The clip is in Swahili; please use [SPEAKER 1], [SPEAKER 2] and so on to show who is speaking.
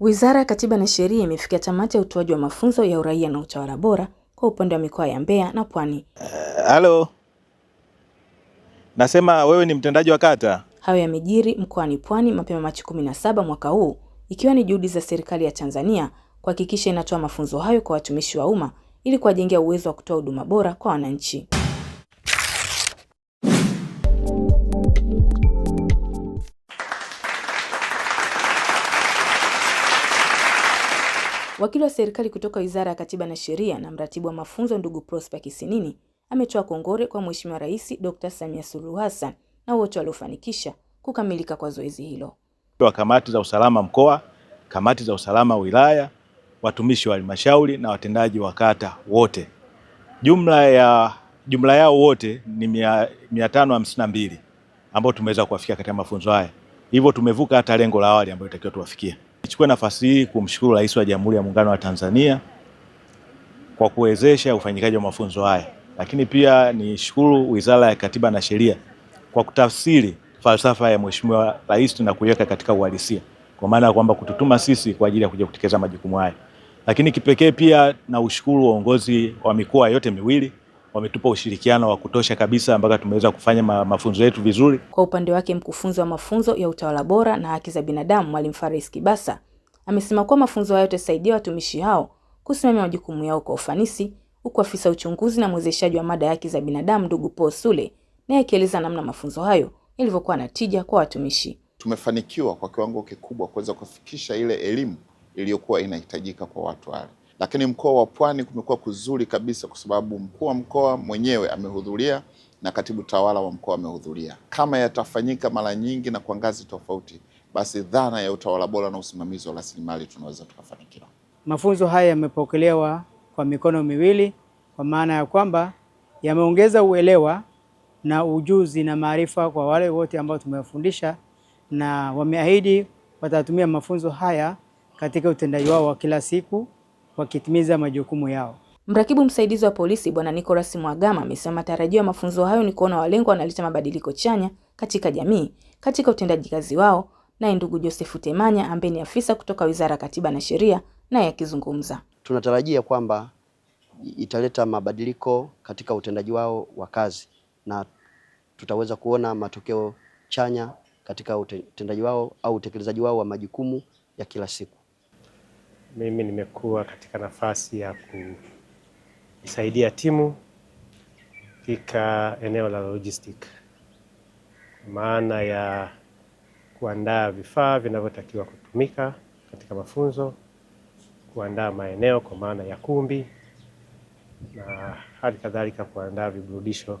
[SPEAKER 1] Wizara ya Katiba na Sheria imefikia tamati ya utoaji wa mafunzo ya uraia na utawala bora kwa upande wa mikoa ya Mbeya na Pwani.
[SPEAKER 2] Eh, halo. nasema wewe ni mtendaji wa kata.
[SPEAKER 1] Hayo yamejiri mkoani Pwani mapema Machi 17 mwaka huu, ikiwa ni juhudi za serikali ya Tanzania kuhakikisha inatoa mafunzo hayo kwa watumishi wa umma ili kuwajengea uwezo wa kutoa huduma bora kwa wananchi. Wakili wa serikali kutoka Wizara ya Katiba na Sheria na mratibu wa mafunzo ndugu Prosper Kisinini ametoa kongore kwa Mheshimiwa Rais Dr. Samia Suluhu Hassan na wote waliofanikisha kukamilika kwa zoezi hilo.
[SPEAKER 2] Wa kamati za usalama mkoa, kamati za usalama wilaya, watumishi wa halmashauri na watendaji wa kata wote, jumla ya jumla yao wote ni mia tano hamsini na mbili ambao tumeweza kuwafikia katika mafunzo haya, hivyo tumevuka hata lengo la awali ambayo itakiwa tuwafikie. Nichukue nafasi hii kumshukuru Rais wa Jamhuri ya Muungano wa Tanzania kwa kuwezesha ufanyikaji wa mafunzo haya, lakini pia nishukuru Wizara ya Katiba na Sheria kwa kutafsiri falsafa ya Mheshimiwa Rais na kuiweka katika uhalisia, kwa maana ya kwamba kututuma sisi kwa ajili ya kuja kutekeleza majukumu haya. Lakini kipekee pia na ushukuru uongozi wa mikoa yote miwili wametupa ushirikiano wa kutosha kabisa mpaka tumeweza kufanya ma, mafunzo yetu vizuri.
[SPEAKER 1] Kwa upande wake, mkufunzi wa mafunzo ya utawala bora na haki za binadamu Mwalimu Faris Kibasa amesema kuwa mafunzo hayo yatasaidia watumishi hao kusimamia majukumu yao kwa ufanisi, huku afisa uchunguzi na mwezeshaji wa mada ya haki za binadamu ndugu Paul Sule naye akieleza namna mafunzo hayo yalivyokuwa na tija kwa watumishi.
[SPEAKER 2] Tumefanikiwa kwa kiwango kikubwa kuweza kufikisha ile elimu iliyokuwa inahitajika kwa watu wale. Lakini mkoa wa Pwani kumekuwa kuzuri kabisa, kwa sababu mkuu wa mkoa mwenyewe amehudhuria na katibu tawala wa mkoa amehudhuria. Kama yatafanyika mara nyingi na kwa ngazi tofauti, basi dhana ya utawala bora na usimamizi wa rasilimali tunaweza tukafanikiwa.
[SPEAKER 3] Mafunzo haya yamepokelewa kwa mikono miwili, kwa maana ya kwamba yameongeza uelewa na ujuzi na maarifa kwa wale wote ambao tumewafundisha, na wameahidi watatumia mafunzo haya katika utendaji wao wa kila siku wakitimiza majukumu yao.
[SPEAKER 1] Mrakibu msaidizi wa polisi Bwana Nicholas Mwagama amesema matarajio ya mafunzo hayo ni kuona walengwa wanaleta mabadiliko chanya katika jamii katika utendaji kazi wao. Naye ndugu Joseph Temanya ambaye ni afisa kutoka Wizara ya Katiba na Sheria naye akizungumza,
[SPEAKER 4] tunatarajia kwamba italeta mabadiliko katika utendaji wao wa kazi na tutaweza kuona matokeo chanya katika utendaji wao au utekelezaji wao wa majukumu ya kila siku
[SPEAKER 5] mimi nimekuwa katika nafasi ya kusaidia timu katika eneo la logistic, maana ya kuandaa vifaa vinavyotakiwa kutumika katika mafunzo, kuandaa maeneo kwa maana ya kumbi na hali kadhalika kuandaa viburudisho